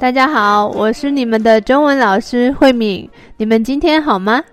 大家好，我是你們的中文老師慧敏。你們今天好嗎？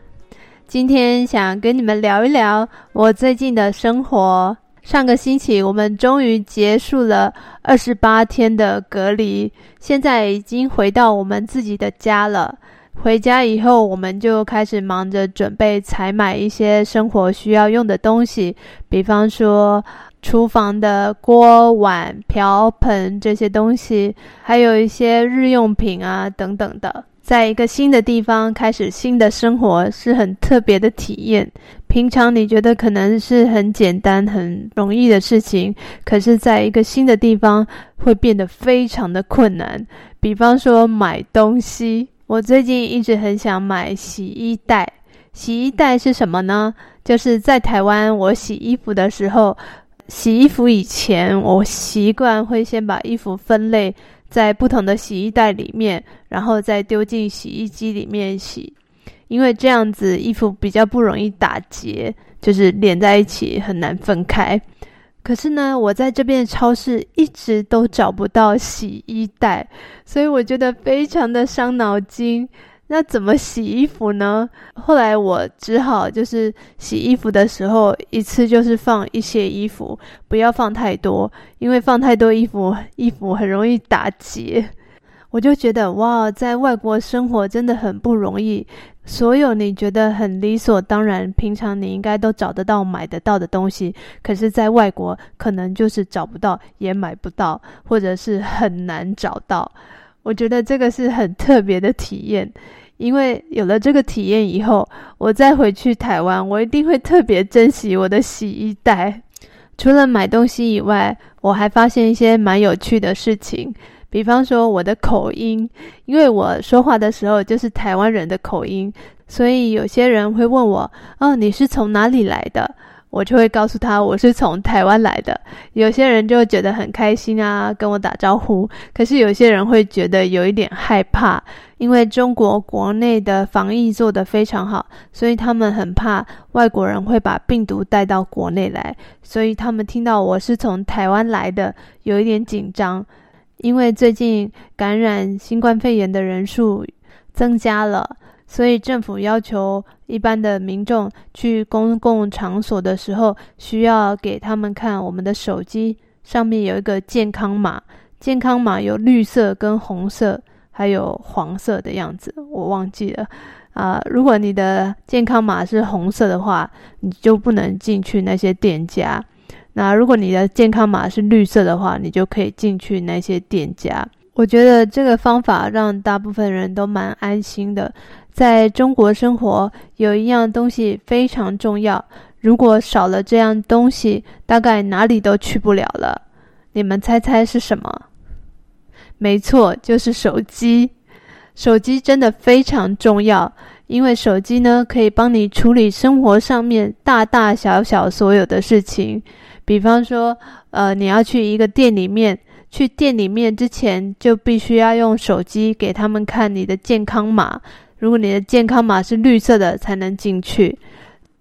今天想跟你們聊一聊我最近的生活。上個星期，我們終於結束了二十八天的隔離，現在已經回到我們自己的家了。回家以後，我們就開始忙着準備採買一些生活需要用的東西，比方說，廚房的鍋碗瓢盆這些東西，還有一些日用品啊等等的。在一個新的地方開始新的生活是很特別的體驗。平常你覺得可能是很簡單很容易的事情，可是在一個新的地方會變得非常的困難。比方說買東西，我最近一直很想買洗衣袋。洗衣袋是什麼呢？就是在台灣我洗衣服的時候，洗衣服以前，我習慣會先把衣服分類在不同的洗衣袋裡面，然後再丟進洗衣機裡面洗。因為這樣子，衣服比較不容易打結，就是連在一起很難分開。可是呢，我在這邊的超市一直都找不到洗衣袋，所以我覺得非常的傷腦筋。那怎麼洗衣服呢？後來我只好就是洗衣服的時候，一次就是放一些衣服，不要放太多，因為放太多衣服，衣服很容易打結。我就覺得哇，在外國生活真的很不容易。所有你覺得很理所當然，平常你應該都找得到、買得到的東西，可是，在外國可能就是找不到，也買不到，或者是很難找到。我覺得這個是很特別的體驗，因為有了這個體驗以後，我再回去台灣，我一定會特別珍惜我的洗衣袋。除了買東西以外，我還發現一些蠻有趣的事情，比方說我的口音，因為我說話的時候就是台灣人的口音，所以有些人會問我：“哦，你是從哪裡來的？”我就會告訴他我是從台灣來的，有些人就覺得很開心啊，跟我打招呼。可是有些人會覺得有一點害怕，因為中國國內的防疫做得非常好，所以他們很怕外國人會把病毒帶到國內來，所以他們聽到我是從台灣來的，有一點緊張，因為最近感染新冠肺炎的人數增加了。所以政府要求一般的民眾去公共場所的時候，需要給他們看我們的手機上面有一個健康碼。健康碼有綠色跟紅色，還有黃色的樣子，我忘記了。啊，如果你的健康碼是紅色的話，你就不能進去那些店家；那如果你的健康碼是綠色的話，你就可以進去那些店家。我覺得這個方法讓大部分人都蠻安心的。在中國生活有一樣東西非常重要，如果少了這樣東西，大概哪裡都去不了了。你們猜猜是什麼？沒錯，就是手機。手機真的非常重要，因為手機呢可以幫你處理生活上面大大小小所有的事情。比方說，呃，你要去一個店裡面，去店裡面之前就必須要用手機給他們看你的健康碼。如果你的健康碼是綠色的，才能進去。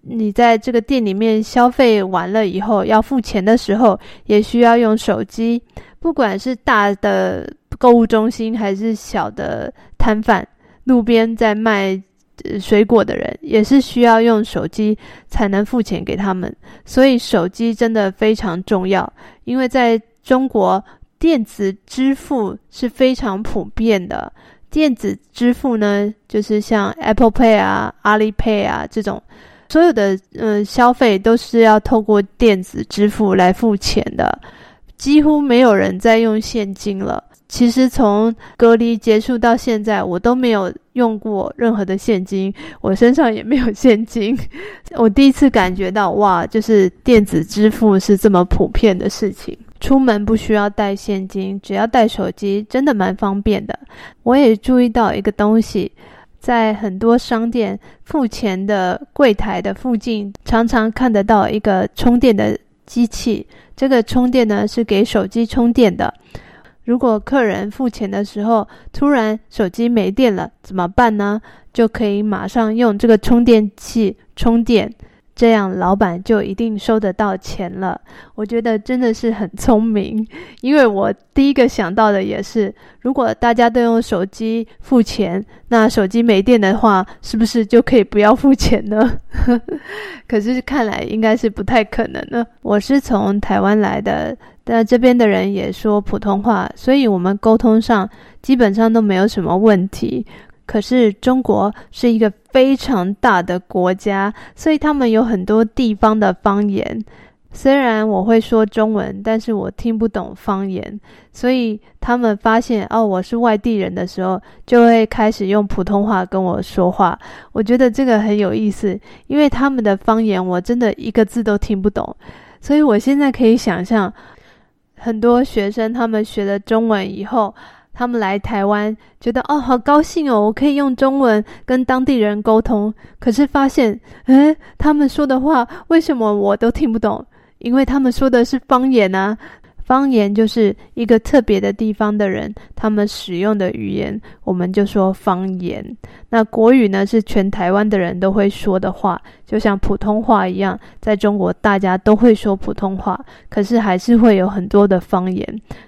你在這個店裡面消費完了以後，要付錢的時候，也需要用手機。不管是大的購物中心，還是小的攤販、路邊在賣、呃、水果的人，也是需要用手機才能付錢給他們。所以，手機真的非常重要，因為在中國，電子支付是非常普遍的。電子支付呢，就是像 Apple Pay 啊、Alipay 啊這種，所有的嗯、呃、消費都是要透過電子支付來付錢的，幾乎沒有人在用現金了。其實從隔離結束到現在，我都沒有用過任何的現金，我身上也沒有現金。我第一次感覺到哇，就是電子支付是這麼普遍的事情。出門不需要帶現金，只要帶手機，真的蠻方便的。我也注意到一個東西，在很多商店付錢的櫃台的附近，常常看得到一個充電的機器。這個充電呢，是給手機充電的。如果客人付錢的時候突然手機沒電了，怎麼辦呢？就可以馬上用這個充電器充電。這樣老板就一定收得到錢了。我覺得真的是很聰明，因為我第一個想到的也是，如果大家都用手機付錢，那手機沒電的話，是不是就可以不要付錢呢？ 可是看來應該是不太可能的。我是從台灣來的，但這邊的人也說普通話，所以我們溝通上基本上都沒有什麼問題。可是中國是一個非常大的國家，所以他們有很多地方的方言。雖然我會說中文，但是我聽不懂方言。所以他們發現哦，我是外地人的時候，就會開始用普通話跟我說話。我覺得這個很有意思，因為他們的方言我真的一個字都聽不懂。所以我現在可以想象，很多學生他們學了中文以後，他們來台灣，覺得哦好高興哦，我可以用中文跟當地人溝通。可是發現，哎，他們說的話為什麼我都聽不懂？因為他們說的是方言啊。方言，就是一個特別的地方的人，他們使用的語言，我們就說方言。那國語呢，是全台灣的人都會說的話，就像普通話一樣，在中國大家都會說普通話，可是還是會有很多的方言，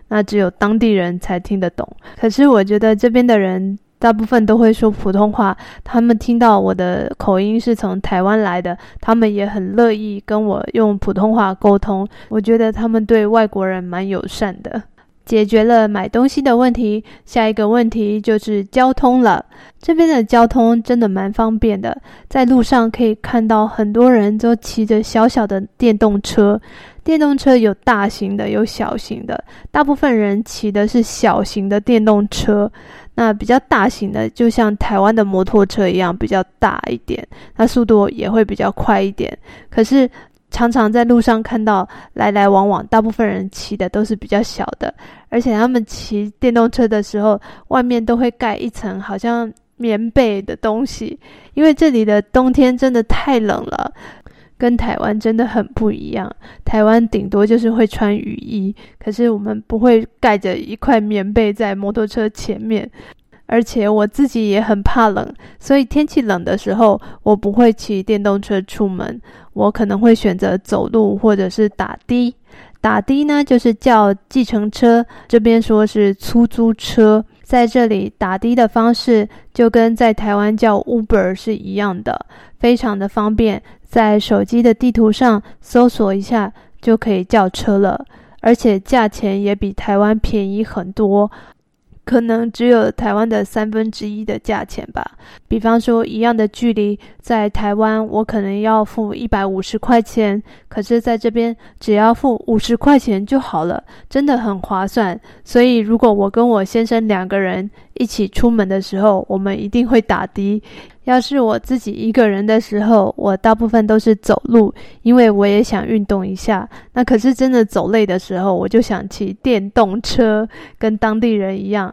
那只有當地人才聽得懂。可是我覺得這邊的人。大部分都會說普通話，他們聽到我的口音是從台灣來的，他們也很樂意跟我用普通話溝通。我覺得他們對外國人蠻友善的。解決了買東西的問題，下一個問題就是交通了。這邊的交通真的蠻方便的，在路上可以看到很多人都騎着小小的電動車，電動車有大型的，有小型的，大部分人騎的是小型的電動車。那比較大型的，就像台灣的摩托車一樣，比較大一點，那速度也會比較快一點。可是，常常在路上看到來來往往，大部分人騎的都是比較小的，而且他們騎電動車的時候，外面都會蓋一層好像棉被的東西，因為這裡的冬天真的太冷了，跟台灣真的很不一樣。台灣頂多就是會穿雨衣，可是我們不會蓋着一塊棉被在摩托車前面，而且我自己也很怕冷，所以天氣冷的時候，我不會騎電動車出門。我可能會選擇走路或者是打的，打的呢就是叫計程車，這邊說是出租車，在這裡打的的方式就跟在台灣叫 Uber 是一樣的，非常的方便，在手機的地圖上搜索一下就可以叫車了，而且價錢也比台灣便宜很多。可能只有台灣的三分之一的價錢吧。比方說，一樣的距離，在台灣我可能要付一百五十塊錢，可是在這邊只要付五十塊錢就好了，真的很划算。所以，如果我跟我先生兩個人一起出門的時候，我們一定會打的。要是我自己一個人的時候，我大部分都是走路，因為我也想運動一下。那可是真的走累的時候，我就想騎電動車，跟當地人一樣。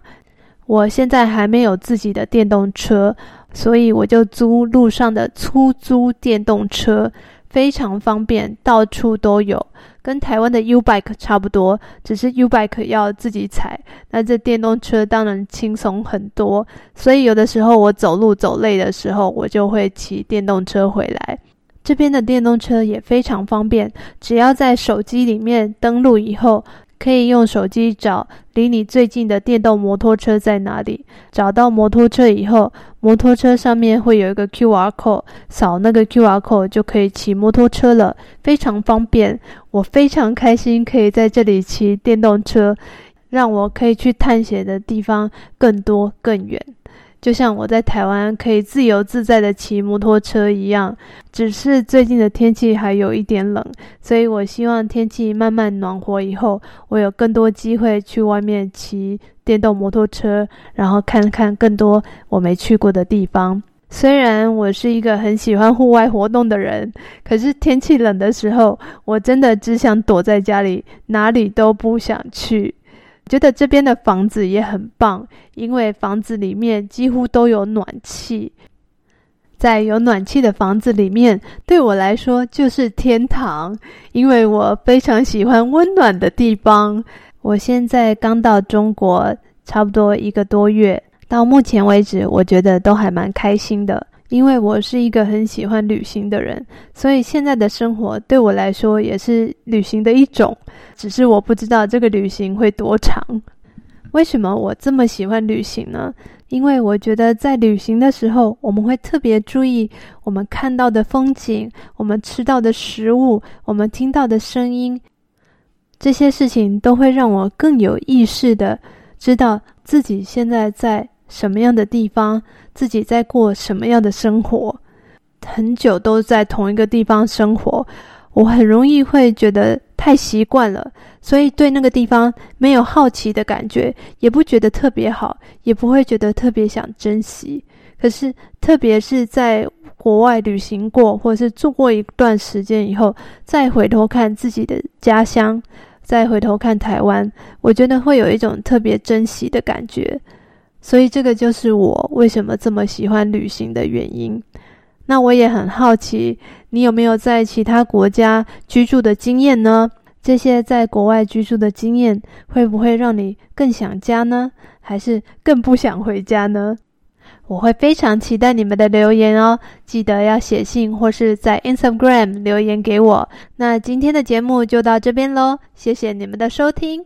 我現在還沒有自己的電動車，所以我就租路上的出租電動車，非常方便，到處都有。跟台灣的 Ubike 差不多，只是 Ubike 要自己踩，那這電動車當然輕鬆很多。所以有的時候我走路走累的時候，我就會騎電動車回來。這邊的電動車也非常方便，只要在手機裡面登錄以後。可以用手機找離你最近的電動摩托車在哪裡。找到摩托車以後，摩托車上面會有一個 QR code，掃那個 QR code 就可以騎摩托車了，非常方便。我非常開心可以在這裡騎電動車，讓我可以去探險的地方更多、更遠。就像我在台灣可以自由自在的騎摩托車一樣，只是最近的天氣還有一點冷，所以我希望天氣慢慢暖和以後，我有更多機會去外面騎電動摩托車，然後看看更多我沒去過的地方。雖然我是一個很喜歡戶外活動的人，可是天氣冷的時候，我真的只想躲在家裡，哪裡都不想去。覺得這邊的房子也很棒，因為房子裡面幾乎都有暖氣。在有暖氣的房子裡面，對我來說就是天堂，因為我非常喜歡溫暖的地方。我現在剛到中國差不多一個多月，到目前為止，我覺得都還蠻開心的。因為我是一個很喜歡旅行的人，所以現在的生活對我來說也是旅行的一種。只是我不知道這個旅行會多長。為什麼我這麼喜歡旅行呢？因為我覺得在旅行的時候，我們會特別注意我們看到的風景、我們吃到的食物、我們聽到的聲音，這些事情都會讓我更有意識地知道自己現在在什麼樣的地方，自己在過什麼樣的生活。很久都在同一個地方生活，我很容易會覺得太習慣了，所以對那個地方沒有好奇的感覺，也不覺得特別好，也不會覺得特別想珍惜。可是，特別是在國外旅行過或者是住過一段時間以後，再回頭看自己的家鄉，再回頭看台灣，我覺得會有一種特別珍惜的感覺。所以這個就是我為什麼這麼喜歡旅行的原因。那我也很好奇，你有沒有在其他國家居住的經驗呢？這些在國外居住的經驗，會不會讓你更想家呢？還是更不想回家呢？我會非常期待你們的留言哦，記得要寫信或是在 Instagram 留言給我。那今天的節目就到這邊嘍，謝謝你們的收聽。